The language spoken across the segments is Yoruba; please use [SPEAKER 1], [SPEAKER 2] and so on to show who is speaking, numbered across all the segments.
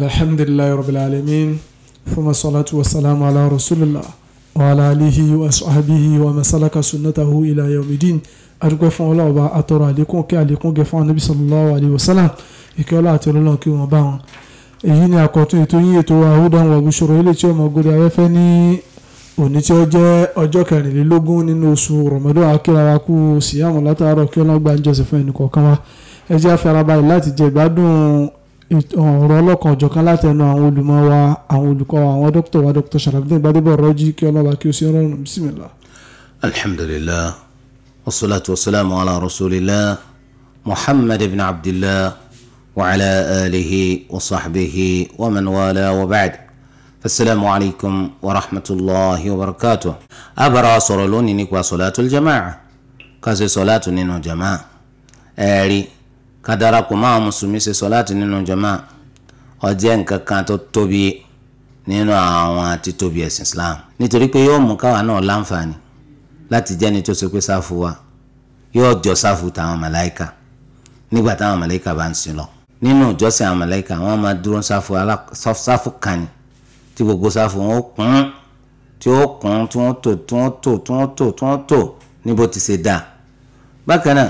[SPEAKER 1] الحمد لله رب العالمين ثم الصلاة والسلام على رسول الله وعلى آله وأصحابه ومن سلك سنته إلى يوم الدين adúpẹ́ fún ọlọ́run ọba atọ́rọ̀ àlékún kí àlékún gẹ fún anábì sallallahu alayhi wa sallam ìkẹ́ ọlá àti ọlọ́run kí wọ́n bá wọn. èyí ni àkọ́tún ètò yín ètò wa hudan wa bushura ilé tí ọmọ ògòdì afẹ́fẹ́ ní òní tí ó jẹ́ ọjọ́ kẹrìnlélógún nínú oṣù rọ̀mọ́dọ́ akírawa kú síyàmù látàárọ̀ kí ọlọ́run gba ń jọ́sìn fún ẹnì kọ̀ọ̀kan wa ẹ jẹ́ afẹ́rabalẹ̀ láti jẹ ìgbádùn ọ̀rọ̀ ọlọ́kan ọ̀jọ̀kan látẹnu àwọn olùmọ̀ wa àwọn olùkọ́ wa àwọn dókítà wa dókítà Sharafdeen Gbadebo Raji kí ọlọ́ba kí o sí ọlọ́run bisimilá.
[SPEAKER 2] alhamdulillah wasalaatu wasalaamu ala rasulillah muhammad ibn abdillah wa ala alihi wa sahbihi wa man wala wa ba'd asalaamu alaykum wa rahmatulahi wa barakatuh. abara wa sọ̀rọ̀ lónìí nípa sọ̀látù jama'a kásì sọ̀látù nínú jama'a ẹ̀rí. Eh, ká darapọ̀ mọ́ àwọn mùsùlùmí ṣe sọ́láàtì nínú jama ó jẹ́ nǹkan kan tó tóbi nínú àwọn títóbi ẹ̀sìn Islam nítorí pé yóò mú káwa náà láǹfààní láti jẹ́ni tó ṣe pé sáfù wa yóò jọ sáfù táwọn màláìka nígbà táwọn màláìka bá ń sin lọ nínú ìjọsìn àwọn màláìka wọn máa dúró sáfù kàní tí gbogbo sáfù wọn ó kún tí ó kún tí wọ́n tò tí wọ́n tò tí wọ́n tò tí wọ́n tò níbo ti ṣe dáa bákan náà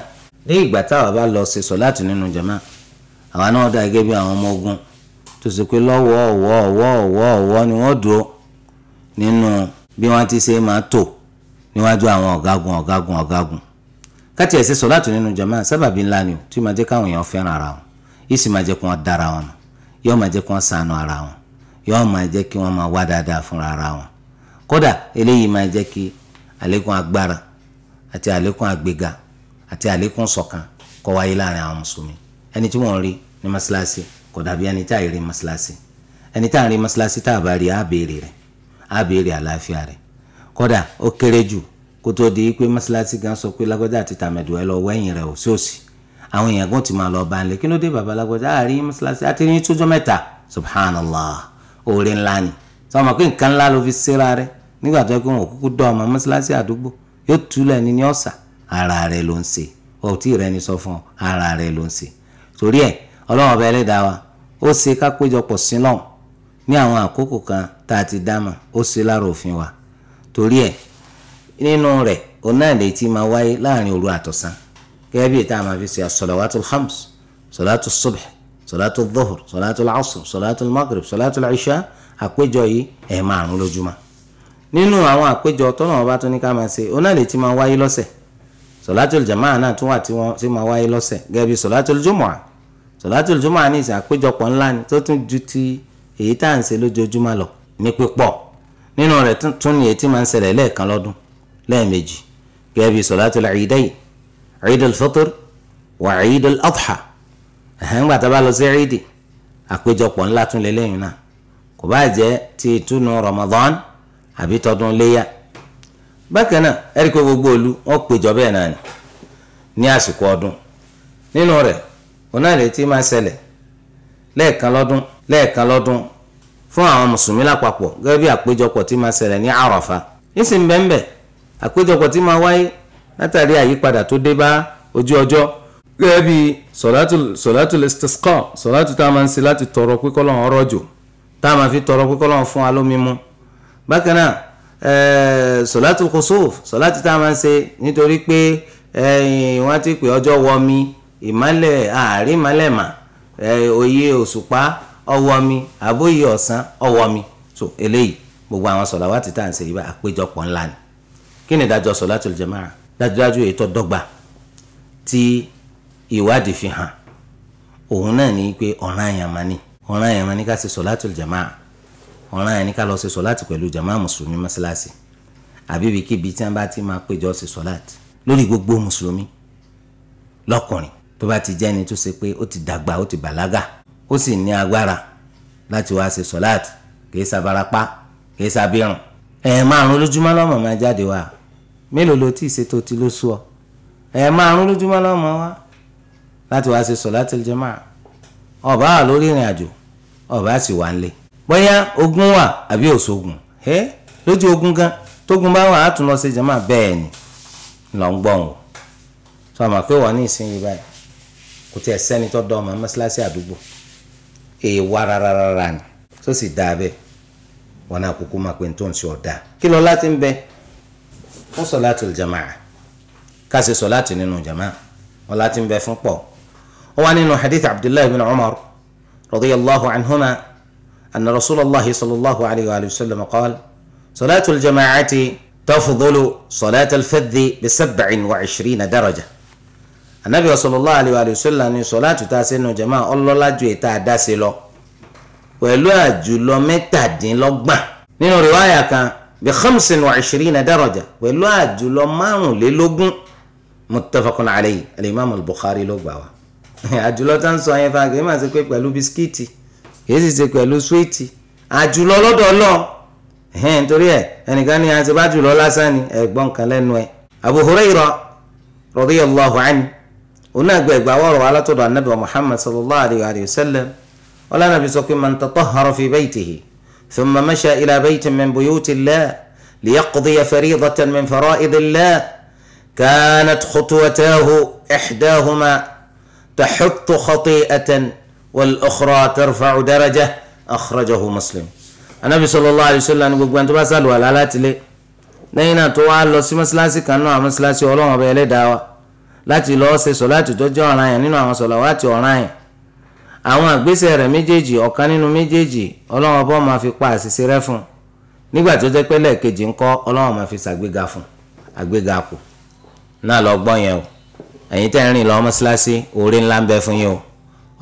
[SPEAKER 2] ní ìgbà táwa bá lọ ṣe sọ̀láàtì nínú jama àwa náà dà gẹ́gẹ́ bí àwọn ọmọ ogun tó ṣe pé lọ́wọ́ ọ̀wọ́ ọ̀wọ́ ọ̀wọ́ ọ̀wọ́ ni wọ́n dúró nínú bí wọ́n ti ṣe máa tò níwájú àwọn ọ̀gágun ọ̀gágun ọ̀gágun káti ẹ̀ ṣe sọ̀láàtì nínú jama sábàbí ńlá ni o tí máa jẹ́ káwọn èèyàn fẹ́ràn ara wọn yìí sì máa jẹ́ kí wọ́n dára wọn yóò máa jẹ́ kí wọ́n sànù ara wọn yóò máa jẹ́ kí wọ́n máa wá dáadáa fúnra ara wọn kódà eléyìí máa jẹ́ kí àlékún agbára àti àlékún àgbéga àti àlékún ṣọ̀kan kó wáyé láàrin àwọn mùsùlùmí ẹni tí wọ́n rí ní mọ́ṣáláṣí kò dàbí ẹni tá à rí mọ́ṣáláṣí ẹni tá à rí mọ́ṣáláṣí tá à bá rí àbèrè rẹ̀ àbèrè àlàáfíà rẹ̀ kódà ó kéré jù kó tó di pé mọ́ṣáláṣí gan sọ pé lágbọ́dá àti tàmẹ̀dù ẹ lọ wẹ́yìn rẹ̀ ò sí òsì àwọn èèyàn gan ti máa lọ bá ń lé kí ló dé bàbá lágbọ́dá àrí mọ́ṣáláṣí àti ní tójọ́ mẹ́ta subhanallah oore ńlá ni sọ ma pé nǹkan ńlá ló fi ṣera rẹ nígbà tó yẹ kó wọn kúkú dọ́ ọmọ mọ́ṣáláṣí àdúgbò yóò túlẹ̀ ní ní ọ̀sà ara rẹ ló ń ṣe ọ tí rẹ ni sọ fún ọ ara rẹ ló ń ṣe torí ẹ ọlọ́run ọba ẹlẹ́dàá wa ó ṣe kápéjọpọ̀ sínú ní àwọn àkókò kan tá a ti dámọ̀ ó ṣe lára òfin wa torí ẹ nínú rẹ òun náà lè ti máa wáyé láàrin òru àtọ̀sán gẹ́gẹ́ bí ìta máa fi ṣe as-salawatul khams salatu subh salatu dhuhr salatu al-asr salatu àpéjọ yìí ẹ̀ márùn lójúmọ́ nínú àwọn àpéjọ tọ́nà ọba tó ní ká máa ṣe òun náà máa wáyé lọ́sẹ̀ sọlátùl jamaa náà tún wà tí wọ́n ti máa wáyé lọ́sẹ̀ gẹ́gẹ́ bí sọlátùl jumu'a sọlátùl jumu'a ní ìsìn àpéjọpọ̀ ńlá ni tó tún ju ti èyí tá à ń ṣe lójoojúmọ́ lọ ní pípọ̀ nínú rẹ̀ tún ni èyí tí máa ń ṣẹlẹ̀ lẹ́ẹ̀kan lọ́dún lẹ́ẹ̀mejì gẹ́gẹ́ bí sọlátùl ìdẹ́yì ìdìl fitr wà ìdìl adha ẹ̀hẹ́n gbà tá a bá lọ sí ìdì àpéjọpọ̀ ńlá tún lẹ́lẹ́yìn náà kò bá jẹ́ ti ìtúnu Ramadan àbí tọdún léyà bákan náà gbogbo olu wọ́n péjọ bẹ́ẹ̀ náà ni ní àsìkò ọdún nínú rẹ̀ onáàlẹ́ máa ṣẹlẹ̀ lẹ́ẹ̀kan lọ́dún lẹ́ẹ̀kan lọ́dún fún àwọn mùsùlùmí lápapọ̀ gẹ́gẹ́ bí àpéjọpọ̀ tí máa ṣẹlẹ̀ ní àràfà nísìn bẹ́ẹ̀nbẹ́ẹ̀ àpéjọpọ̀ tí máa wáyé látàrí àyípadà tó dé bá ojú ọjọ́ gẹ́gẹ́ bí sọ̀látù sọ̀látù Eh, sọ̀látù kùsùf sọ̀látù tá a máa ń ṣe nítorí pé eh, wọ́n ti pè ọjọ́ wọmi ìmọ́lẹ̀ àárín ìmọ́lẹ̀ mà òye eh, òṣùpá ọwọ́mi àbóyè ọ̀sán ọwọ́mi so eléyìí gbogbo àwọn sọ̀làwátì tá à ń ṣe yìí bá àpéjọpọ̀ ńlá ni kí ni ìdájọ́ sọ̀látù jẹ̀máà dájúdájú èyí tó dọ́gba tí ìwádìí fi hàn òun náà ní pé ọ̀ranyàn mà ni ọ̀ranyàn mà ni ká ṣe sọ̀látù jẹ̀máà ọ̀ràn yẹn ní ká lọ ṣe sọ̀láàtì pẹ̀lú jàmáà mùsùlùmí mọ́ṣáláṣí àbí ibikíbi tí wọ́n bá ti máa péjọ ṣe sọ̀láàtì lórí gbogbo mùsùlùmí lọ́kùnrin tó bá ti jẹ́ ẹni tó ṣe pé ó ti dàgbà ó ti bàlágà ó sì ní agbára láti wá ṣe sọ̀láàtì kì í ṣabarapá kì í ṣabirùn ẹ̀ márùn lójúmọ́ lọ́mọ máa jáde wá mélòó ló tí ì ṣètò tí ló sú ọ ẹ̀ márùn lójúmọ́ lọ́mọ wá láti wá ṣe sọ̀láàtì jàmáà ọ̀bá wà lórí ìrìn àjò ọ̀bá sì wà ń lé bóyá ogun wà àbí òṣogun ẹ lójú ogun gan tógun bá wà á tún lọ ṣe jàmá bẹ́ẹ̀ ni lọ ń gbọ̀n o tó àmọ́ pé wọ́n ní ìsinyìí báyìí kò tiẹ̀ sẹ́ni tó dọ́ ọmọ mọ́ṣáláṣí àdúgbò èèwà rárá rárá ni tó sì dáa bẹ́ẹ̀ wọn náà kúkú máa pe tó ọ̀dà kí lọ láti ń bẹ fún sọláàtì jamaa ká sọláàtì nínú jamaa wọn láti ń bẹ fún pọ̀ wọn wá nínú hadith abdullahi bin umar radiyallahu anhuma أن رسول الله صلى الله عليه وآله وسلم قال صلاة الجماعة تفضل صلاة الفذ بسبع وعشرين درجة النبي صلى الله عليه وآله وسلم صلاة تاسين جماعة الله لا جوي تاداسي له pẹ̀lú àjùlọ mẹ́tàdínlọ́gbọ̀n nínú rìwáyà kan bí khamsin wa ishirina daraja pẹ̀lú àjùlọ márùnlélógún muttafaqun alayhi alimami al-Bukhari ló gbà wá àjùlọ tá ń sọ yẹn fagé má ṣe pé pẹ̀lú bisikíìtì kìí sì ṣe pẹ̀lú súwìtì àjùlọ lọ́dọ̀ ọlọ́run ẹ̀hìn lọ. ẹnìkan ní àti bá jùlọ lásán ni ati bájùlọ lasan ni egbon kan lẹ́nu ẹ̀ Abu Hurayra radiyallahu anhu òun náà gba ẹ̀gbà wọ̀rọ̀ wa látọ̀dọ̀ anabi Muhammad sallallahu alayhi wa sallam ọlọ́run nàbí sọ pé man tatahhara fi baytihi thumma masha ila baytin min buyutillah liyaqdiya fariidatan min faraa'idillah kanat khutuwatahu ihdahuma taxutu khati'atan والأخرى ترفع درجة أخرجه مسلم النبي صلى الله عليه وسلم يقول ni بسأل ولا tó bá sàlùwàlá láti lé lẹ́yìn náà tó wá lọ sí mọ́sálásí kan náà mọ́sálásí ọlọ́run ọba ẹlẹ́dàá wa láti lọ́ọ́ ṣe sọ̀láàtì tó jẹ́ ọ̀ràn yẹn nínú àwọn sọ̀láwàtì ọ̀ràn méjèèjì ọ̀kan nínú méjèèjì ọlọ́run ọba máa fi pa àṣìṣe rẹ̀ fún nígbà tó jẹ́ pé lẹ́ẹ̀kejì ń kọ́ ọlọ́run máa fi ṣàgbéga fún àgbéga kù náà lọ gbọ́ yẹn o ẹ̀yin tẹ́ ń rìn lọ mọ́sálásí oore ńlá ń bẹ fún yín o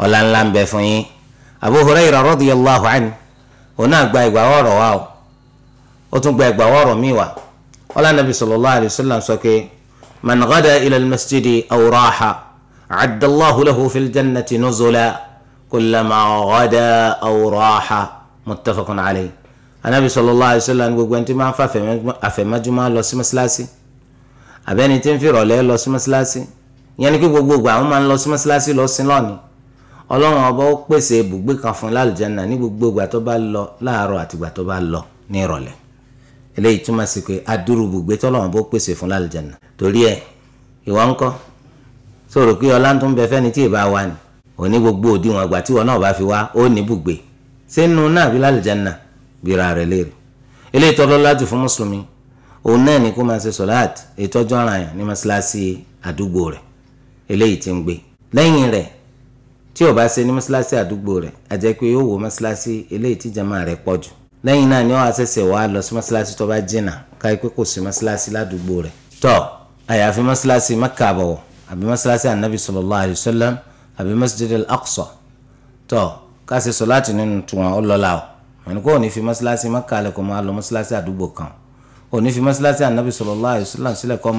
[SPEAKER 2] ọlá ńlá ń bẹ fún yín Abu Hurairah radiyallahu anhu òun náà gba ìgbà ọ̀rọ̀ wa o ó tún gba ìgbà ọ̀rọ̀ mi wa ọlá nàbì sallallahu alayhi wa sallam sọ pé man ghada ila al-masjidi aw raha adda Allahu lahu fil jannati nuzula kullama ghada aw raha muttafaqun alayhi anabi sallallahu alayhi wa sallam gbogbo ẹni tí máa ń fa àfẹ̀mọ́júmọ́ lọ sí mọ́sálásí àbẹ́ni tí ń fi ìrọ̀lẹ́ lọ sí mọ́sálásí ìyẹn ni kí gbogbo àwọn máa ń lọ sí mọ́sálásí lọ sí lọ́nìí ọlọ́run ọba ó pèsè ibùgbé kan fún lálùjáná ní gbogbo ìgbà tó bá lọ láàárọ̀ àtìgbà tó bá lọ ní ìrọ̀lẹ́ eléyìí túmọ̀ sí pé adúrú ibùgbé tọ́lọ́run bó pèsè fún lálùjáná torí ẹ ìwọ ńkọ́ sọ̀rọ̀ pé ọlá tó ń bẹ fẹ́ni tí ì bá wà ní òní gbogbo òdiwọ̀n àgbà tí wọn náà bá fi wá ó ní ibùgbé sínú náà bí lálùjáná bíra rẹ̀ léèrè eléyìí tọ́lọ́ láti tí ó bá ṣe ní mọ́ṣáláṣí àdúgbò rẹ̀ a jẹ́ pé yóò wo mọ́ṣáláṣí eléyìí tí jàmáà rẹ̀ pọ̀ jù lẹ́yìn náà ni ó wá ṣẹ̀ṣẹ̀ wá lọ sí mọ́ṣáláṣí tó bá jìnnà káyí pé kò sí mọ́ṣáláṣí ládùúgbò rẹ̀ tọ́ àyàfi mọ́ṣáláṣí Mẹ́kà àbọ̀wọ̀ àbí mọ́ṣáláṣí anabi sallallahu alayhi wa sallam àbí masjid al-aqsa tọ́ ká ṣe sọ̀láàtì nínú tiwọn ó lọ́la o ẹni kó o ní fi mọ́ṣáláṣí Mẹ́kà lẹ̀ kó máa lọ mọ́ṣáláṣí àdúgbò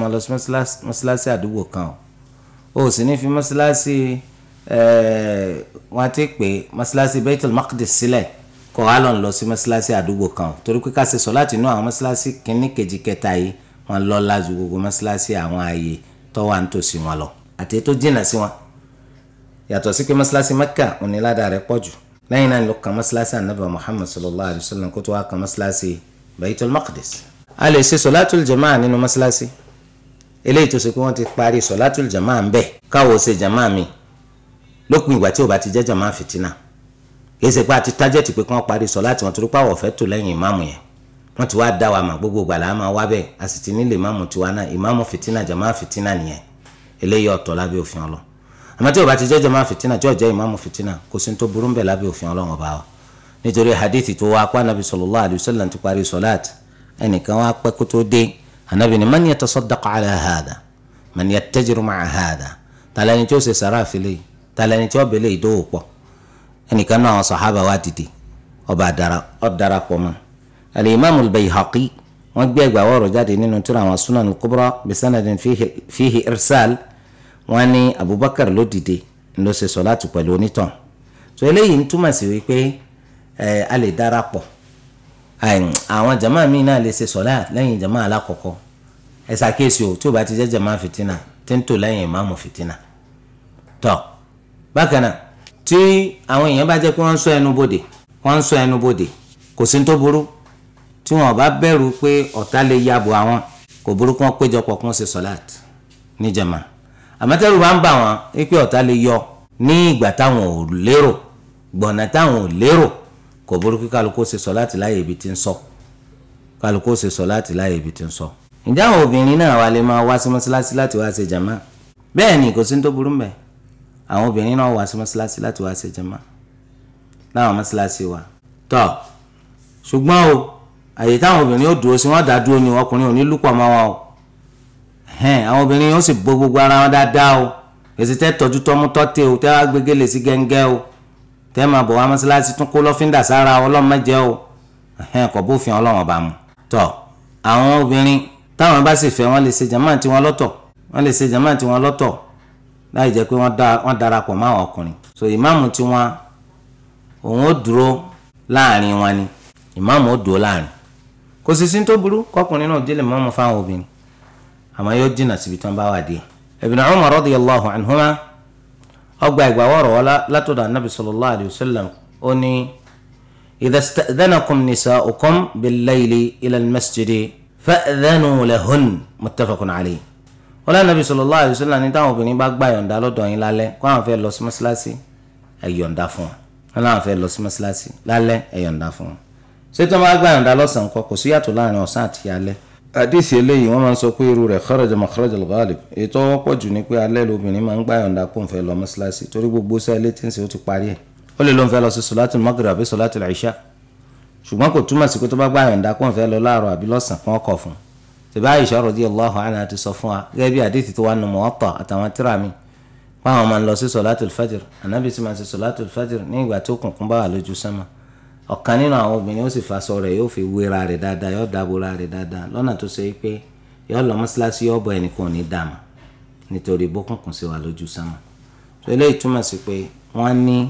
[SPEAKER 2] máa lọ mọ́ṣáláṣí àdúgbò kan o o sì ní fi mọ́ṣáláṣí Eh, wọ́n ti pè mọ́sálásí Baitul Maqdis sílẹ̀ kọ́ wa lọ́n lọ sí mọ́sálásí àdúgbò kan torí pé ká ṣe sọ láti inú àwọn mọ́sálásí kínní kejì kẹta yìí wọ́n lọ lájú gbogbo mọ́sálásí àwọn ààyè tó wà nítòsí wọn lọ àti tó jìnnà sí wọn yàtọ̀ sí pé mọ́sálásí Mẹ́kà onílàdà rẹ̀ pọ̀ jù lẹ́yìn náà ló kan mọ́sálásí anabi Muhammad sallallahu alayhi wa sallam kó tó wá kan mọ́sálásí Baitul Maqdis a lè ṣe sọ̀látùl jamaa nínú mọ́sálásí eléyìí tó ṣe pé wọ́n ti parí sọ̀látùl jamaa ń bẹ̀ káwọ́ ṣe jamaa mi lópin ìgbà tí ò bá ti jẹ́jọ́ máa fìtínà kì í ṣe pé àti tájẹ́tì pé kán parí sọ láti wọn torí pàwọ̀ fẹ́ tò lẹ́yìn ìmáàmù yẹn wọ́n ti wá dá wa mà gbogbo gbàlá máa wá bẹ́ẹ̀ a sì ti nílé ìmáàmù tiwa náà ìmáàmù fìtínà jàmáà fìtínà nìyẹn eléyìí ọ̀tọ̀ lábẹ́ òfin ọlọ́ àmọ́ tí ò ti jẹ́jọ́ máa fìtínà tí ò jẹ́ ìmáàmù fìtínà kò sí tó burú ń lábẹ́ òfin ọlọ́run talẹni tí ọbẹ̀ lè dóò pọ̀ ẹnìkan náà sọ̀hábà wa dìde ọba ọ̀darapọ̀ mọ́ alimami albayhaqi wọ́n gbé ẹgbàá wọ̀rọ̀ jáde nínú tíra àwọn sunan kubra bisanadin fihi irsal wọ́n ní abubakar ló dìde ló ṣe sọ̀láàtù pẹ̀lú onítàn tó eléyìí ń túmọ̀ sí wípé a lè darapọ̀ àwọn jama mi náà lè ṣe sọ̀láàtù lẹ́yìn jama alákọ̀ọ́kọ́ ẹ ṣàkíyèsí o tí o bá ti jẹ́ jama fitina tí ń tò lẹ́yìn ìmáàmù fitina tọ́ bákan náà tí àwọn èèyàn bá jẹ́ pé wọ́n ń ṣọ́ ẹnu bodè wọ́n ń ṣọ́ ẹnu bodè kò sí tó burú tí wọn bá bẹ̀rù pé ọ̀tá lè yàbò àwọn kò burú kí wọ́n péjọpọ̀ kí wọ́n ṣe sọ́láàt níjàmá àmọ́tẹ́rù bá ń bà wọ́n wípé ọ̀tá lè yọ ní ìgbà táwọn ò lérò gbọ̀nà táwọn ò lérò kò burú kí kálukú ṣe sọ́láàt láàyè ibi tí ń sọ kálukú ṣe sọ́láàt láàyè ibi tí ń sọ. ǹjẹ́ obìnrin náà wà lè máa wá sí láti wá ṣe jàmá bẹ́ẹ̀ ni kò sí tó burú mẹ́ẹ̀ àwọn obìnrin náà wá sí mọ́ṣáláṣí láti wá ṣe jàmá láwọn mọ́ṣáláṣí wa tọ́ ṣùgbọ́n o àyè táwọn obìnrin yóò dúró sí wọn dá ni ọkùnrin ò ní lùpọ̀ mọ́ wọn o àwọn obìnrin yóò sì bó gbogbo ara wọn dáadáa o èsì tẹ́ tọ́jú tọ́mú tọ́tẹ o tẹ́ wá gbégélé sí gẹ́ngẹ́ o tẹ́ máa bọ̀ wá mọ́ṣáláṣí tún kó lọ́fíńdà sára ọlọ́run mẹ́jẹ o kò bófin ọlọ́run ọba mu. tọ́ àwọn obìnrin táwọn bá sì fẹ́ wọ́n lè ṣe jàmáà tiwọn lọ́tọ̀ wọ́n lè ṣe jàmáà tiwọn lọ́tọ̀ láì jẹ́ pé wọ́n darapọ̀ mọ́ àwọn ọkùnrin so ìmáàmù tí wọ́n òun ó dúró láàrin wọn ni ìmáàmù ó dúró láàrin kò sì sí tó burú kọkùnrin náà délé mọ́mọ́ fáwọn obìnrin àmọ́ yóò jìnnà síbi tí wọ́n bá wà dé Ibn Umar radiyallahu anhuma ọgbà ìgbàwọ̀rọ̀ wọn látọ̀dọ̀ anabi sallallahu alayhi wa sallam ó ní idha ista'dhanakum nisa'ukum bil-layli ila al-masjidi fa'dhanu lahun muttafaqun alayhi ọlọ́run nàbí sallallahu alaihi wasallam ní táwọn obìnrin bá gba yọ̀ǹda lọ́dọ̀ yín lálẹ́ kó àwọn fẹ́ lọ sí mọ́ṣáláṣí ẹ yọ̀ǹda fún wọn láwọn fẹ́ lọ sí mọ́ṣáláṣí lálẹ́ ẹ yọ̀ǹda fún wọn. ṣé tí wọ́n bá gba yọ̀ǹda lọ́sàn-án kọ kò sí yàtọ̀ láàrin ọ̀sán àti alẹ́. àdìsí eléyìí wọ́n máa ń sọ pé irú rẹ̀ kharaja makharajal ghalib ètò ọ̀pọ̀ jù ni pé alẹ́ lobìnrin máa ń gba yọ̀ǹda kó ń fẹ́ ṣèbá Aisha radiyallahu anha ti sọ fún wa gẹ́gẹ́ bí àdìsí tó wà nù Muwatta àtàwọn tíra mi báwọn máa ń lọ sí sọláàtù fajr ànábì sì máa ń ṣe sọláàtù fajr ní ìgbà tó kùnkùn bá wà lójú sánmà ọ̀kan nínú àwọn obìnrin ó sì faṣọ rẹ̀ yóò fi wéra rẹ̀ dáadáa yóò dábòra rẹ̀ dáadáa lọ́nà tó ṣe pé yóò lọ mọ́ṣáláṣí yóò bọ ẹnìkan ò ní dààmú nítorí bókùnkùn sí wà lójú sánmà tó eléyìí túmọ̀ sí pé wọ́n ní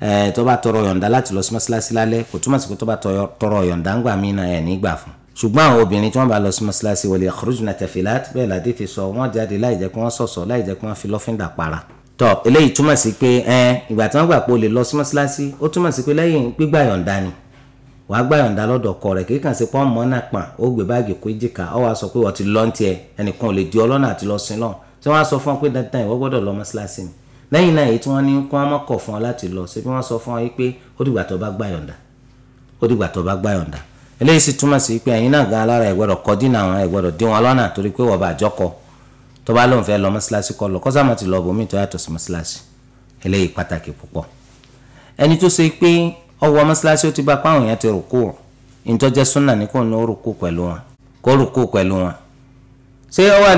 [SPEAKER 2] eh, tó bá tọrọ yọ̀ǹda láti lọ sí mọ́ṣáláṣí lálẹ́ kò túmọ̀ sí pé tó bá tọrọ yọ̀ǹda ńgbà mí náà ẹ̀ nígbà fún ṣùgbọ́n àwọn obìnrin tí wọ́n bá lọ sí mọ́ṣáláṣí wọlé yakhrujna tafilat bẹ́ẹ̀ ládé fi sọ wọ́n jáde láì jẹ́ kí wọ́n sọ̀sọ̀ láì jẹ́ kí wọ́n fi lọ́fíńdà para. tọ eléyìí túmọ̀ sí pé ẹn ìgbà tí wọ́n gbà pé o lè lọ sí mọ́ṣáláṣí ó túmọ̀ sí pé lẹ́yìn gbígbà yọ̀ǹda ni wàá gbà yọ̀ǹda lọ́dọ̀ ọkọ rẹ̀ kíkàn sí pọ́n mọ́ náà pàn ó gbé báàgì kó jìkà ọ wàá sọ pé wọ́n ti lọ ń tiẹ̀ ẹnìkan ò lè bá gbà yọ̀ǹda ó dìgbà tó bá eléyìí sì túmọ̀ sí pé ẹ̀yin náà gan alára ẹ̀ gbọ́dọ̀ kọ́ dínà àwọn ẹ̀ gbọ́dọ̀ dín wọn lọ́nà torí pé wọ́n bá àjọkọ tó bá lóun fẹ́ lọ mọ́ṣáláṣí kọ́ lọ kọ́sàmọ́ ti lọ bòmí tó yàtọ̀ sí mọ́ṣáláṣí eléyìí pàtàkì púpọ̀ ẹni tó ṣe pé ọwọ́ mọ́ṣáláṣí ó ti bá páwọn èèyàn ti rùkú ìtọ́jẹ́ súnà ní kò ní ó rùkú pẹ̀lú wọn kó rùkú pẹ̀lú wọn ṣé ó wà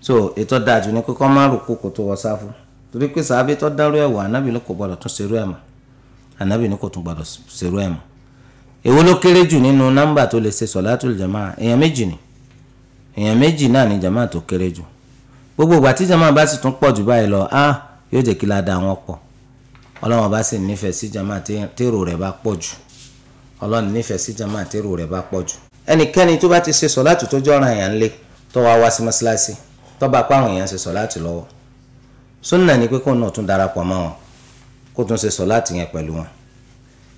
[SPEAKER 2] so ètò dájú ni pé kó má rùkú kó tó wọ sáfù torí pé sàábé anabi ní kò tún gbọdọ̀ ṣerú ẹ̀ mọ́ èwo ló kéré jù nínú nọ́mbà tó lè ṣe sọ̀látùl jamaa èèyàn méjì ni èèyàn méjì náà ni jamaa tó kéré jù gbogbo ìgbà tí jamaa bá sì tún pọ̀ jù báyìí lọ á ah, yóò jẹ́ kí ládàá wọn pọ̀ ọlọ́run bá sì nífẹ̀ẹ́ sí jamaa tèrò rẹ̀ bá pọ̀ jù ọlọ́run nífẹ̀ẹ́ sí jamaa tèrò rẹ̀ bá pọ̀ jù ẹnikẹ́ni tó bá ti ṣe sọ̀látù tó jọ́ràn èèyàn lé tó wá wá sí mọ́ṣáláṣí tó bá pàwọn èèyàn ṣe sọ̀látù lọ́wọ́ ni pé kóun náà tún kó tún ṣe sọ̀láàtì yẹn pẹ̀lú wọn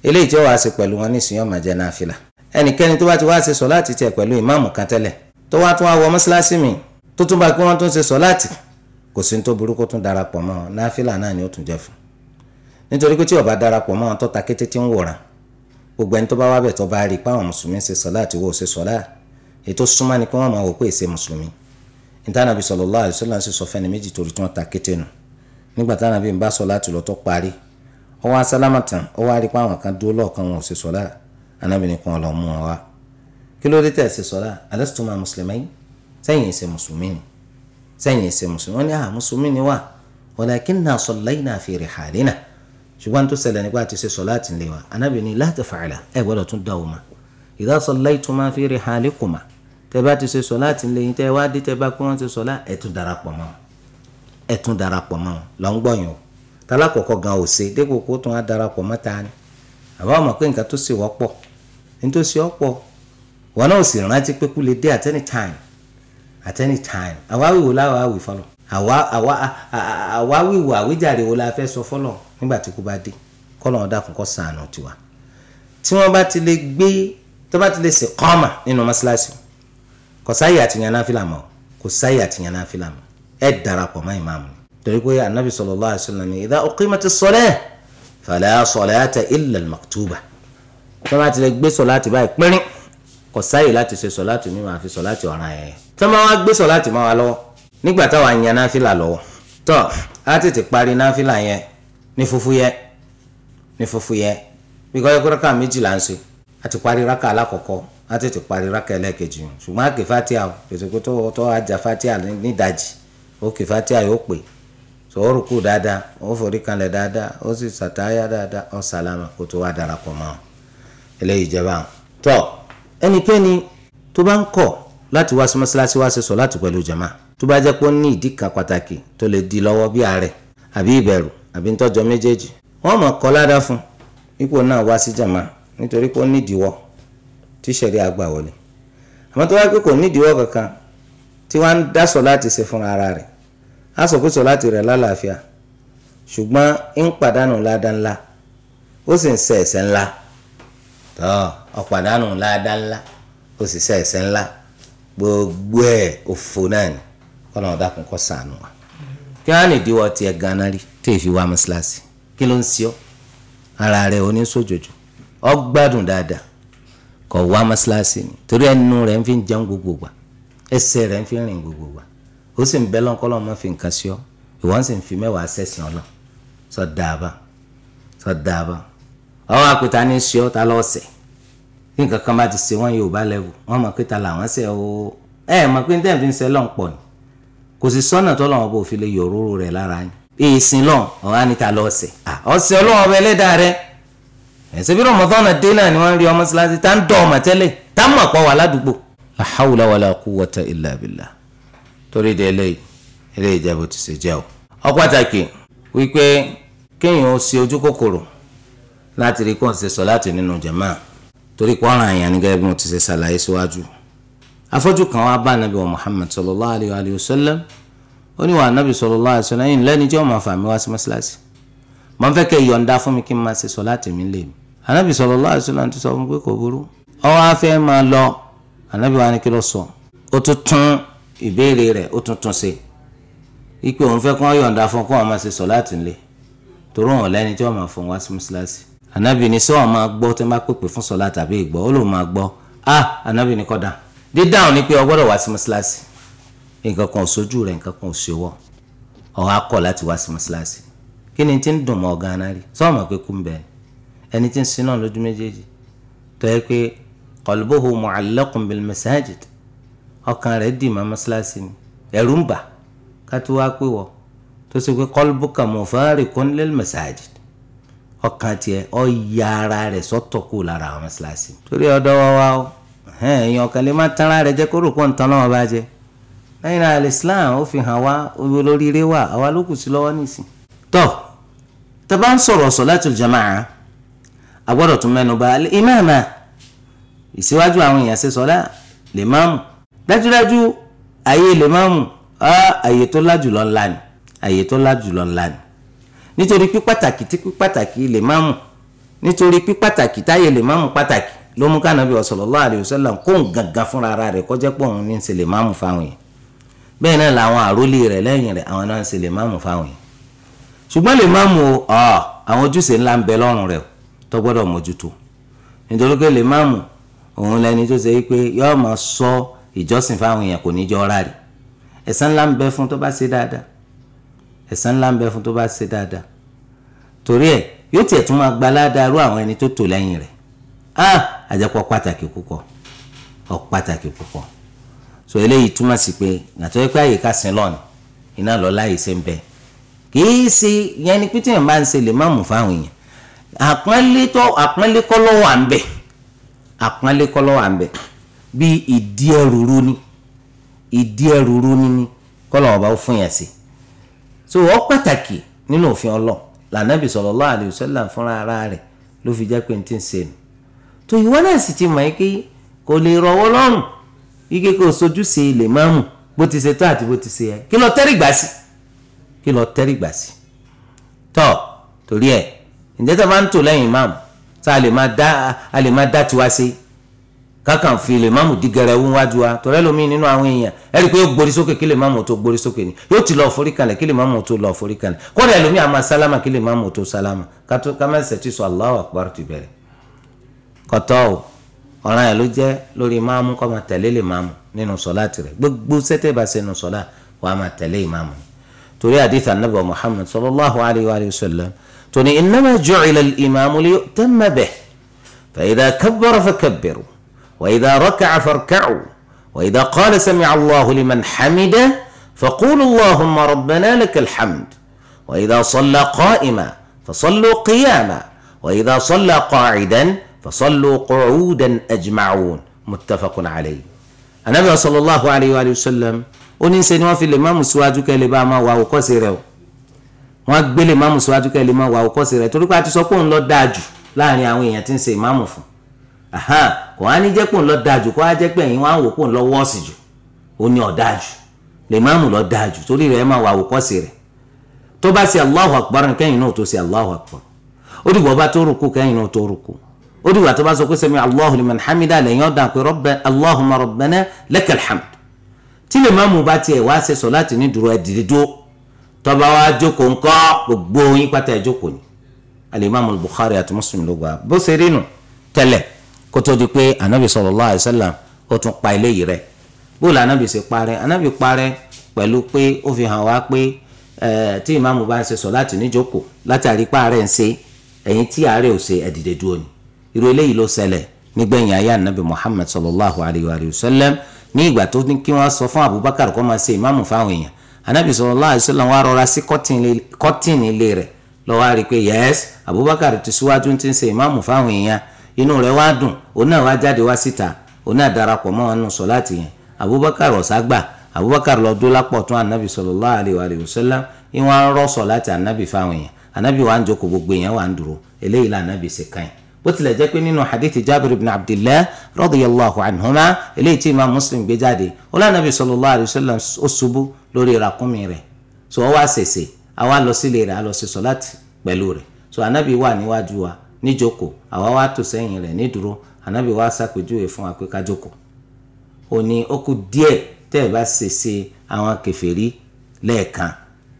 [SPEAKER 2] eléyìí tí ó wàá ṣe pẹ̀lú wọn nísìnyí ó máa jẹ́ náfìlà ẹnikẹ́ni tó bá ti wáá ṣe sọ̀láàtì tiẹ̀ pẹ̀lú ìmáàmù kan tẹ́lẹ̀ tó wá tún wọ mọ́ṣáláṣí mi tó tún bá pé wọ́n tún ṣe sọ̀láàtì kò sí ní tó burú kó tún darapọ̀ mọ́ náfìlà náà ni ó tún jẹ́ fún nítorí pé tí ó bá darapọ̀ mọ́ tó ta kété tí ń wòran gbogbo ẹni tó bá wá bẹ̀ tó bá rí i pé mùsùlùmí ṣe sọ̀láàtì wò ṣe sọ̀láàtì ètò súnmọ́ ni pé wọ́n máa wò pé èsè mùsùlùmí ìtànàbí sallallahu alaihi wasallam sì sọ fẹ́ni méjì torí tí wọ́n ta kété nù nígbà tánàbí ń bá sọ̀láàtì lọ tó parí ó wá sálámà tán ó wá rí i pé àwọn kan dúró lọ́ọ̀kan wọn ò ṣe sọ́lá anábì ní kan lọ́ọ́ mú wọn wá kí ló dé tẹ̀ ṣe sọ́lá alẹ́sítọ́mà mùsùlùmí sẹ́yìn ìṣe mùsùlùmí ni sẹ́yìn ìṣe mùsùlùmí wọn ní à ah, mùsùlùmí ni wà walakinna sallayna fi rihalina ṣùgbọ́n tó ṣẹlẹ̀ nígbà tí ṣe sọ́lá ti lè wa anábì ní la taf'ala gbọ́dọ̀ tálákọ̀ọ́kọ́ gan ò ṣe dépò kó tún á darapọ̀ mọ́ta ni àbá wọn mọ̀ pé nǹkan tó ṣe wọ́pọ̀ nítòsí ọ̀pọ̀ wọn náà sì rántí pé kú lè dé at any time at any time àwa wíwò láwa àwì fọlọ àwa àwa àwa wíwò àwíjàre wo la fẹ́ sọ fọlọ nígbà tí kú bá dé kọ́lọ́n ọ̀dà kún kọ́ sànù tiwa tí wọ́n bá ti lè gbé tó bá ti lè ṣe kọ́ọ̀mà nínú mọ́ṣáláṣí kò sáyè àtìyàn náà fìlà mọ́ kò sáyè àtìyàn náà fìlà mọ́ ẹ̀ darapọ̀ mọ́ ìmáàmù torí pé anabi sallallahu alaihi wasallam idha uqimatis salah fala salata illa al-maktuba tí wọ́n bá ti lè gbé sọ̀láàtì báyìí pínrín kò sáyè láti ṣe sọ̀láàtì mi máa fi sọ̀láàtì ọ̀ràn ẹ̀ tí wọ́n bá wá gbé sọ̀láàtì mọ́ wa lọ́wọ́ nígbà táwa ń yan náfìlà lọ́wọ́ tó a tètè parí náfìlà yẹn ní fufu yẹ ní fufu yẹ bí kọ́ ẹ̀kọ́ rákà méjì là ń ṣe a ti parí rákà alákọ̀ọ́kọ́ a tètè parí rákà ẹlẹ́ẹ̀kejì ṣùgbọ́n a kè fatia o pèsè pé tó ajá fatia nídajì ó kè fatia yóò pè so ó rùkú dáadáa ó forí kanlẹ̀ dáadáa ó sì sàtáyà dáadáa ó sàlámà kó tó wá darapọ̀ mọ́ eléyìí jẹba àwọn. tọ ẹnikẹ́ni tó bá ń kọ̀ láti wá sí mọ́sálásí wá sí sọ láti pẹ̀lú jama tó bá jẹ́ pé ó ní ìdí kan pàtàkì tó lè di lọ́wọ́ bí àárẹ̀ àbí ìbẹ̀rù àbí ntọ́jọ méjèèjì wọ́n mọ̀ kọ́ ládàá fún ipò náà wá sí jama nítorí pé ó nídìíwọ́ tí sẹ̀rí àgbà wọlé àmọ́ tó wá pé kò nídìíwọ́ kankan tí wọ́n á dá láti ṣe fúnra ara rẹ̀ a sọ pé sọláàtì rẹ̀ lálàáfíà ṣùgbọ́n ń pàdánù ládàá ńlá ó sì ń ṣe ẹ̀ṣẹ̀ ńlá tó ọ̀pàdánù ládàá ńlá ó sì ṣe ẹ̀ṣẹ̀ ńlá gbogbo ẹ̀ òfò náà ni kọ́nà ọ̀dà kún kọ́ sànù wa kí wọ́n á lè díwọ́ tiẹ̀ ganan rí tí èfi wá mọ́ṣáláṣí kí ló ń ṣe ọ́ ara rẹ̀ oníṣòjòjò ọ́ gbádùn dáadáa kọ̀ wá mọ́ṣáláṣí ni torí ẹnu rẹ̀ ń fi jẹun gbogbo gbà ẹsẹ̀ rẹ̀ ń fi rìn gbogbo gbà ó sì ń bẹ́ lọ́n kọ́lọ́ fi nǹkan sí ọ ìwọ ń sì ń fi mẹ́wàá sẹ́sìn ọ lọ sọ dàbà sọ dàbà ọwọ́ àkútà ní sọ ta lọ sẹ̀ kí nǹkan kan bá ti ṣe wọ́n Yorùbá lẹ́wù wọ́n mọ̀ pé ta làwọn sẹ̀ o ẹ̀ mọ̀ pé tẹ́ ń fi ń sẹ́ lọ́n pọ̀ ni kò sì sọ́nà tó lọ́wọ́ bó fi lè yọ òróró rẹ̀ lára yín èsìn lọ́n ọ̀hán ni ta lọ sẹ̀ ọ̀sẹ̀ ọlọ́wọ́ ọbẹ̀ ẹlẹ́dàá rẹ̀ ẹ̀sẹ̀ bí rọmọdọ́nà dé náà ni wọ́n rí ọmọ síláṣí tá ń dọ̀ ọmọ tá ń mọ̀ pọ̀ wà ládùúgbò. la hawla wala quwwata illa billah torí de eléyìí eléyìí jẹ́ bó ti ṣe jẹ́ o. ó pàtàkì wípé kéèyàn ó ṣe ojú kòkòrò láti rí kóun ṣe sọ láti nínú jàmá torí pé ọ̀ràn àyàn nígbà bí mo ti ṣe ṣàlàyé síwájú. afọ́jú kan wá bá anabi wa Muhammad sallallahu alayhi wa sallam ó ní wa anabi sallallahu alayhi wa sallam yìí lẹ́ni jẹ́ ọmọ àfàmì wá sí mọ́ṣáláṣí mo ń fẹ́ kẹ́ yọ̀ǹda fún mi kí n máa ṣe sọ láti mi lé mi anabi sallallahu alayhi wa sallam ti sọ fún mi pé kò burú ó wá máa lọ anabi wa ni kí ló sọ ó tún tún ìbéèrè rẹ̀ ó tuntun ṣe ipe òun fẹ́ kí wọ́n yọ̀ǹda fún kí wọ́n máa ṣe sọ láti nílé torí wọn lẹ́ni tí wọ́n máa fún wá sí mọ́ṣáláṣí ànábì ni sọ́wọ́n máa gbọ́ tẹ́ máa pèpè fún sọ́lá tàbí ìgbọ́ ó lòun máa gbọ́ a ànábì ni kọ́dà dídáhùn ni pé o gbọ́dọ̀ wá sí mọ́ṣáláṣí nǹkan kan ò sójú rẹ̀ nǹkan kan ò ṣe ọ̀hún akọ̀ láti wá sí mọ́ṣáláṣí kí ni ti ń dùn mọ́ ọ̀gá aná sọ́wọ́n máa pé kú ọkàn rẹ̀ dì mọ́ mọ́ṣáláṣí ni ẹ̀rù ń bà ká tó wá pé wọ tó ṣe pé kọ́lbùkà mufarikun lil masajid ọkàn tiẹ̀ ọ ya ara rẹ̀ sọ́tọ̀ kú lára àwọn mọ́ṣáláṣí. torí ọ̀dọ̀ wa wa o ẹ̀yin ọkàn lè má tán ara rẹ̀ jẹ́ kó rò pọ̀ ń tán náà bá jẹ́ lẹ́yìn náà Islam ó fi hàn wá olóríire wà àwa ló kù sí lọ́wọ́ nìsín. tọ́ tẹ ń sọ̀rọ̀ solatul jamaa àgbọ́dọ̀ tún mẹ́nu bà al ìsíwájú àwọn èèyàn ṣe sọ́lá lè máàmù dájúdájú àyè lèmọ́mù àyè tó lájùlọ ńlá ni àyè tó lájùlọ ńlá ni nítorí pípàtàkì tí pípàtàkì lèmọ́mù nítorí pípàtàkì táyè lèmọ́mù pàtàkì ló mú kánàbí sallallahu alayhi wa sallam kó ń gangan fúnra ara rẹ̀ kọjá pọ̀ òun ní ń ṣe lèmọ́mù fáwọn yìí bẹ́ẹ̀ náà làwọn àrólé rẹ̀ lẹ́yìn rẹ̀ àwọn náà ń ṣe lèmọ́mù fáwọn yìí ṣùgbọ́n lèmọ́mù àwọn ojúṣe ńlá ń bẹ lọ́rùn rẹ̀ tó gbọ́dọ̀ mójútó nítorí pé lèmọ́mù òun lẹni tó ṣe wípé yọ́ọ́ máa sọ so, ìjọsìn fáwọn èèyàn kò ní jọ ọ́ra rẹ̀ ẹ̀san ńlá ń bẹ fún tó bá ṣe dáadáa ẹ̀san ńlá ń bẹ fún tó bá ṣe dáadáa torí ẹ̀ yóò tiẹ̀ tún máa gbaládàá rú àwọn ẹni tó tò lẹ́yìn rẹ̀ ah àjẹpọ̀ pàtàkì púpọ̀ ọ pàtàkì púpọ̀ so eléyìí túmọ̀ sí pé àtọ́ ẹ̀pẹ́ àyíká sin lọ́ọ̀nì iná lọ láyè ṣe ń bẹ kì í ṣe yẹn ni pété yẹn máa ń ṣe lè má mú fáwọn èèyàn àpọ́nlé kọ́ lọ́wọ́ à ń bẹ̀ àpọ́nlé kọ́ lọ́wọ́ à ń bẹ̀ bí ìdí ẹrù ru ni ìdí ẹrù ru ni ni kọ́lọ̀ ọba ó fún yẹn sí so ó pàtàkì nínú òfin ọlọ lànàbì sallallahu alaihi wasallam fúnra ara rẹ̀ ló fi jẹ́ pé n ti ń sèlú tó ìwọ náà sì ti mọ̀ ike kò lè rọwọ́ lọ́rùn ike kò sojú sí ilé máàmù bó ti ṣe tó àti bó ti ṣe yẹ kí lọ tẹ́rì gbà sí kí lọ tẹ́rì gbà sí tọ́ torí ẹ̀ ǹjẹ́ tá a máa ń tò lẹ́yìn máàmù tá a lè máa dá tiwa sí i kákan fi lè máàmù di gẹrẹ wú wájú wa tọrẹ lómi nínú àwọn èèyàn ẹrí pé ó gborí sókè kí lè máàmù tó gborí sókè ni yóò ti lọ forí kalẹ̀ kí lè máàmù tó lọ forí kalẹ̀ kódà lómi àmà sálámà kí lè máàmù tó sálámà kámẹ́sẹ̀ ti sọ Allahu Akbar ti bẹ̀rẹ̀ kọ́tọ́ o ọ̀ràn yẹn ló jẹ́ lórí máàmù kó máa tẹ̀lé lè máàmù nínú sọ́lá tirẹ̀ gbogbo sẹ́tẹ̀ bá وإذا ركع فاركعوا وإذا قال سمع الله لمن حمده فقولوا اللهم ربنا لك الحمد وإذا صلى قائما فصلوا قياما وإذا صلى قاعدا فصلوا قعودا أجمعون متفق عليه النبي صلى الله عليه وآله وسلم أنسى في الإمام سواجك لباما وأوكسره wọn gbé lè máàmù síwájú kẹ lè máa wà ó kọ́ sí rẹ torí pé a ti kò wá ní jẹ́ pò ń lọ dáa jù kó wá jẹ́ pé ẹ̀yin wá ń wò pò ń lọ wọ́ọ̀sì jù ó ní ọ̀dáa jù lè má mú lọ dáa jù torí rẹ̀ ẹ máa wà àwòkọ́sì rẹ̀ tó bá ṣe Allahu Akbar kẹ́yìn náà tó ṣe Allahu Akbar ó dìgbà bá tó rúkú kẹ́yìn náà tó rúkú ó dìgbà tó bá sọ pé sami Allahu liman hamida lẹ́yìn ọ̀dà pé Allahumma rabbana lakal hamd kótó di pé anabi sallallahu alaihi wasallam ó tún pa eléyìí rẹ bóòlù anabi ṣe parẹ́ anabi parẹ́ pẹ̀lú pé ó fi hàn wá pé tí ìmáàmù bá ń ṣe sọ̀láàtì níjókòó látàrí páàrẹ̀ ń ṣe ẹ̀yìn tí àárẹ̀ ò ṣe ẹ̀dìdẹ̀ dúró ni irú eléyìí ló ṣẹlẹ̀ nígbẹ̀yìn ayé anabi muhammad sallallahu alayhi wa sallam ní ìgbà tó ní kí wọ́n sọ fún abubakar kó máa ṣe ìmáàmù fáwọn èèyàn anabi sallallahu alayhi wa sallam wá rọra sí kọ́tìnì ilé rẹ̀ lọ́wọ́ á rí i pé yẹ́s abubakar ti síwájú ti ń ṣe ìmáàmù fáwọn èèyàn inú rẹ̀ wá dùn òun náà wá jáde wá síta òun náà darapọ̀ mọ́ wọn nù sọ̀láàtì yẹn Abubakar ọ̀ságbà Abubakar lọ dó lápọ̀ tún anabi sallallahu alayhi wa sallam ìwọ̀n á rọ́ sọ̀láàtì anabi fáwọn yẹn anabi wà ń jókòó gbogbo yẹn wà ń dúró eléyìí là anabi ṣe kàn yín bó tilẹ̀ jẹ́ pé nínú hadithi jabir ibn abdillah radiyallahu anhuma eléyìí tí imam muslim gbé jáde olanabi sallallahu alayhi wa sallam ó ṣubú lórí ràkúnmí rẹ̀ so ó wá ṣèṣe àwa lọ sílé rẹ̀ a lọ ṣe pẹ̀lú rẹ̀ so anabi wà níwájú wa níjoko àwa wá tò sẹ́yìn rẹ̀ nídúró ànábì wa ṣàpèjúwe fún wa pé ká jókòó ó ní ó kù díẹ̀ tẹ́ ẹ̀ bá ṣe ṣe àwọn kèfèrí lẹ́ẹ̀kan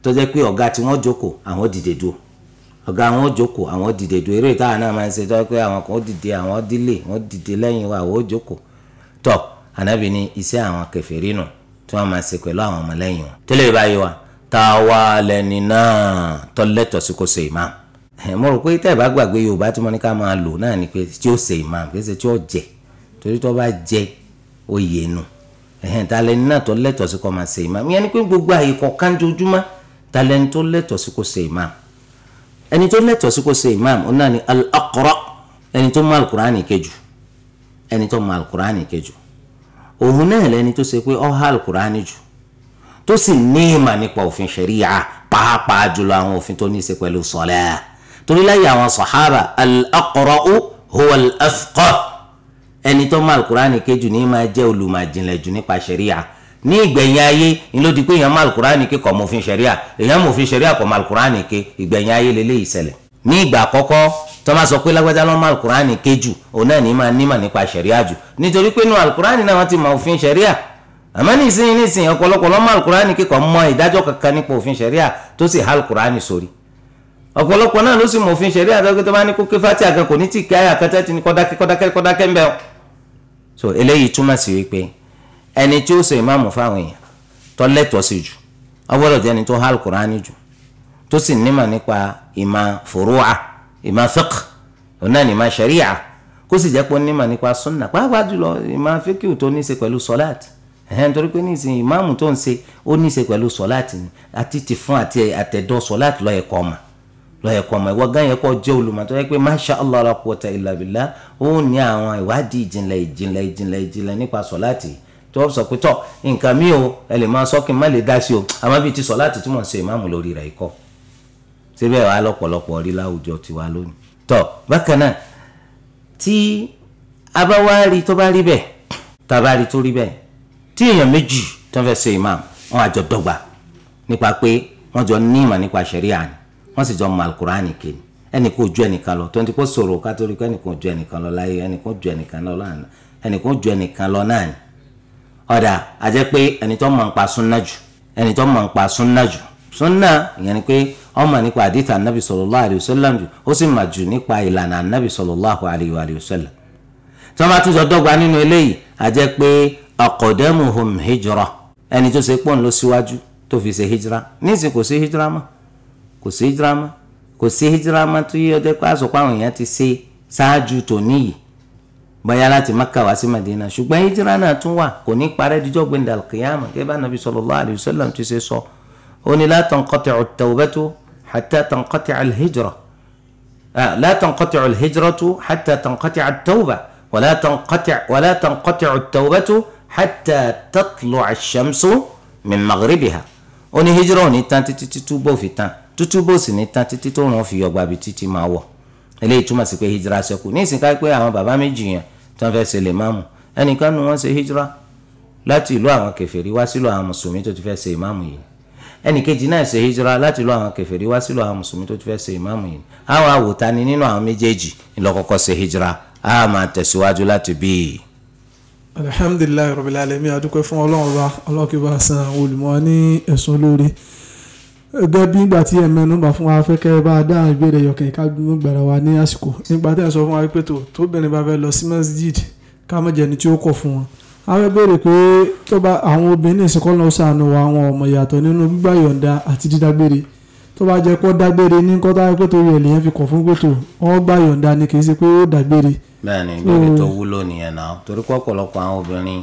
[SPEAKER 2] tó jẹ́ pé ọ̀gá tí wọ́n jókòó àwọn dìde dúró ọ̀gá àwọn jókòó àwọn dìde dúró eré táwọn náà máa ń ṣe tó jẹ́ pé àwọn kan dìde àwọn dílé wọ́n dìde lẹ́yìn wa àwọn jókòó tọ́ ànábì ní iṣẹ́ àwọn kèfèrí nù tí wọ́n máa ṣe pẹ̀lú àwọn ọmọlẹ́yìn wọn tẹ́lẹ̀ báyìí wa táwa lẹni náà tọ́lẹ́tọ̀ sí kò ṣe ìmáàmù ẹ mo rò pé tẹ́ ẹ bá gbàgbé yorùbá tí mo ní ká máa lò náà ni pé tí ó ṣe imam kì í ṣe tí ó jẹ torí tó bá jẹ oyè nù ẹ̀hẹ́n talẹ́ni náà tó lẹ́tọ̀ọ́ sí kó máa ṣe imam ìyẹn ni pé gbogbo àyè kọ̀ọ̀kan jojúmọ́ talẹ́ni tó lẹ́tọ̀ọ́ sí kó ṣe imam ẹni tó lẹ́tọ̀ọ́ sí kó ṣe imam ó náà ni al ẹni tó mọ alukurani kejù ẹni tó mọ alukurani kejù òun náà lẹni tó ṣe pé ó há jù tó sì ní ìmà nípa òfin ṣẹ̀ríyà pàápàá jùlọ àwọn òfin tó ní í ṣe pẹ̀lú sọ́lẹ́ẹ̀ torí láyé àwọn sàhábà al-aqra'u huwa al-afqah ẹni tó mọ alukur'ani kéjù ní máa jẹ́ olùmọ̀jìnlẹ̀ jù nípa ṣẹ̀ríà ní ìgbẹ̀yìn ayé ni ló di pé èèyàn mọ alukur'ani ké kò mọ̀fin ṣẹ̀ríà èèyàn mọ̀fin ṣẹ̀ríà kò mọ alukur'ani ké ìgbẹ̀yìn ayé lélẹ́yìí ṣẹlẹ̀ ní ìgbà àkọ́kọ́ tó máa sọ pé lágbájá ló mọ alukur'ani kéjù òun náà ní máa nímọ̀ nípa ṣẹ̀ríà jù nítorí pé inú alukur'ani náà wọ́n ti ọ̀pọ̀lọpọ̀ náà ló sì mọ̀ òfin ṣẹ̀rí àtọ́gbé tó bá ní kókè fati àkàn kò ní tì kí àyà ti ní kọ́dákẹ́ kọ́dákẹ́ kọ́dákẹ́ ń so eléyìí túmọ̀ sí wípé ẹni tí ó sọ ìmáàmù fáwọn èèyàn tó lẹ́tọ̀ọ́ sí jù ọgbọ́dọ̀ jẹ́ tó jù tó sì nímọ̀ nípa ìmọ̀ ìmọ̀ òun náà ní ìmọ̀ ṣẹ̀ríà kó sì jẹ́ pé ó nímọ̀ lọ́yẹ̀ kọ́ ọmọ ìwọ gan yẹ kọ́ jẹ́ olùmọ̀ tó yẹ pé masha allah la quwwata illa billah ó ní àwọn ìwádìí ìjìnlẹ̀ ìjìnlẹ̀ ìjìnlẹ̀ ìjìnlẹ̀ nípa sọ̀láàtì tó sọ pé tọ̀ nǹkan mi ò ẹ lè máa sọ kí n má lè dá sí o àmọ́ bíi ti sọ̀láàtì tí mò ń ṣe ìmáàmù lórí rẹ̀ ikọ́ síbẹ̀ wà lọ́pọ̀lọpọ̀ rí láwùjọ tiwa lónìí. tọ́ bákan náà tí a wọ́n sì jọ mọ alukurani ké ni ẹnìkan ojú ẹnìkan lọ tonti kó sọ̀rọ̀ kátólì kó ẹnìkan ojú ẹnìkan lọ láyé ẹnìkan ojú ẹnìkan lọ lánàá ẹnìkan ojú ẹnìkan lọ náà ni ọ̀dà àjẹ́ pé ẹni tó mọ̀ ń pa súnná jù ẹni tó mọ̀ ń pa súnná jù súnná ìyẹn ni pé ó nípa àdìtà ànábì sallallahu alayhi wa sallam jù ó sì mà jù nípa ìlànà ànábì sallallahu alayhi wa sallam tí wọ́n bá tún jọ dọ́gba nínú hijra ẹni tó ṣe pọ́n ló síwájú tó fi ṣe hijra níìsín kò sí hijra mọ́ kò sí hijira mọ́ kò sí hijira mọ́ tó yẹ ọjọ́ pé àsopọ̀ àwọn èèyàn ti ṣe ṣáájú tòní yìí bóyá láti Makka wá sí Madina ṣùgbọ́n hijira náà tún wà kò ní parẹ́ díjọ́ gbẹ̀ndà kìyàmù kí bá nàbí sallallahu alayhi wa sallam ti ṣe sọ ó ní la tanqati'u at-tawbatu hatta tanqati'a al-hijra la tanqati'u al-hijratu hatta tanqati'a at tútú bó sì ní tán títí tó rùn fi yọgbà bí títí máa wọ̀ eléyìí túmọ̀ sí pé hijira ṣẹ́kù ní ìsìnká pé àwọn bàbá méjì yẹn tó ń fẹ́ ṣe lè máàmù ẹnìkan nu wọ́n ṣe hijira láti ìlú àwọn kèfèrí wá sílùú àwọn mùsùlùmí tó ti fẹ́ ṣe ìmáàmù yìí ẹnìkejì náà ṣe hijira láti ìlú àwọn kèfèrí wá sílùú àwọn mùsùlùmí tó ti fẹ́ ṣe ìmáàmù yìí àwọn àwòtani nínú àwọn méjèèjì ńlọkọkọ ṣe hijira a máa tẹ̀síwájú láti bíi
[SPEAKER 1] alhamdulilayi rabil alamin adúpẹ́ fún ọba ọlọ́kẹ́ bá ní ẹ̀sùn lórí gẹ́gẹ́ bí ìgbà tí ẹ mẹ́nubà fún wa fẹ́ kẹ́ bá dá ìbéèrè yọkẹ̀ ká gbọ́n gbàrà wa ní àsìkò nígbà tí ẹ sọ fún wa pé tó tóbìnrin bá fẹ́ lọ sí masjid ká má jẹ́ni tí ó kọ̀ fún wọn. a fẹ́ béèrè pé tó bá àwọn obìnrin ìsìnkọ́ lọ sànù wa àwọn ọmọ ìyàtọ̀ nínú gbígbà yọ̀ǹda àti dídágbére tó bá jẹ́ kó dágbére ní kọ́tà pé tó yẹ lèyẹn fi kọ̀ fún pé tó wọ́n gbà yọ̀ǹda ni kì í ṣe pé ó dágbére. bẹ́ẹ̀ni ìbéèrè tó
[SPEAKER 2] wúlò nìyẹn náà torí pọ̀pọ̀lọpọ̀ àwọn obìnrin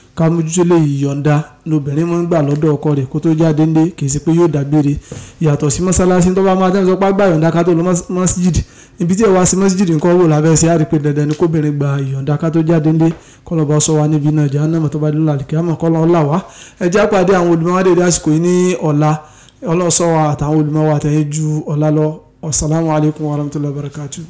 [SPEAKER 1] ká mójútó lè yọ̀ǹda lobìnrin máa ń gbà lọ́dọ̀ ọkọ rẹ̀ kó tó jáde ńlé kì í ṣe pé yóò dágbére yàtọ̀ sí mọ́sálásí tó bá máa dáhùn sọ pé àgbà yọ̀ǹda ká tó lọ mọ́síjìd ibi tí ẹ̀ wá sí mọ́síjìd nǹkan wò lábẹ́ ṣe á rí i pé dandan ni kóbìnrin gba yọ̀ǹda ká tó jáde ńlé kọ́ lọ́ba sọ wa níbi náà jáde náà tó bá dúró lálẹ́ kíámọ̀ kọ́ lọ́ọ́ là wá ẹ já pàdé àwọn olùmọ̀wádé dásìkò yìí ní ọ̀la ọlọ́sọ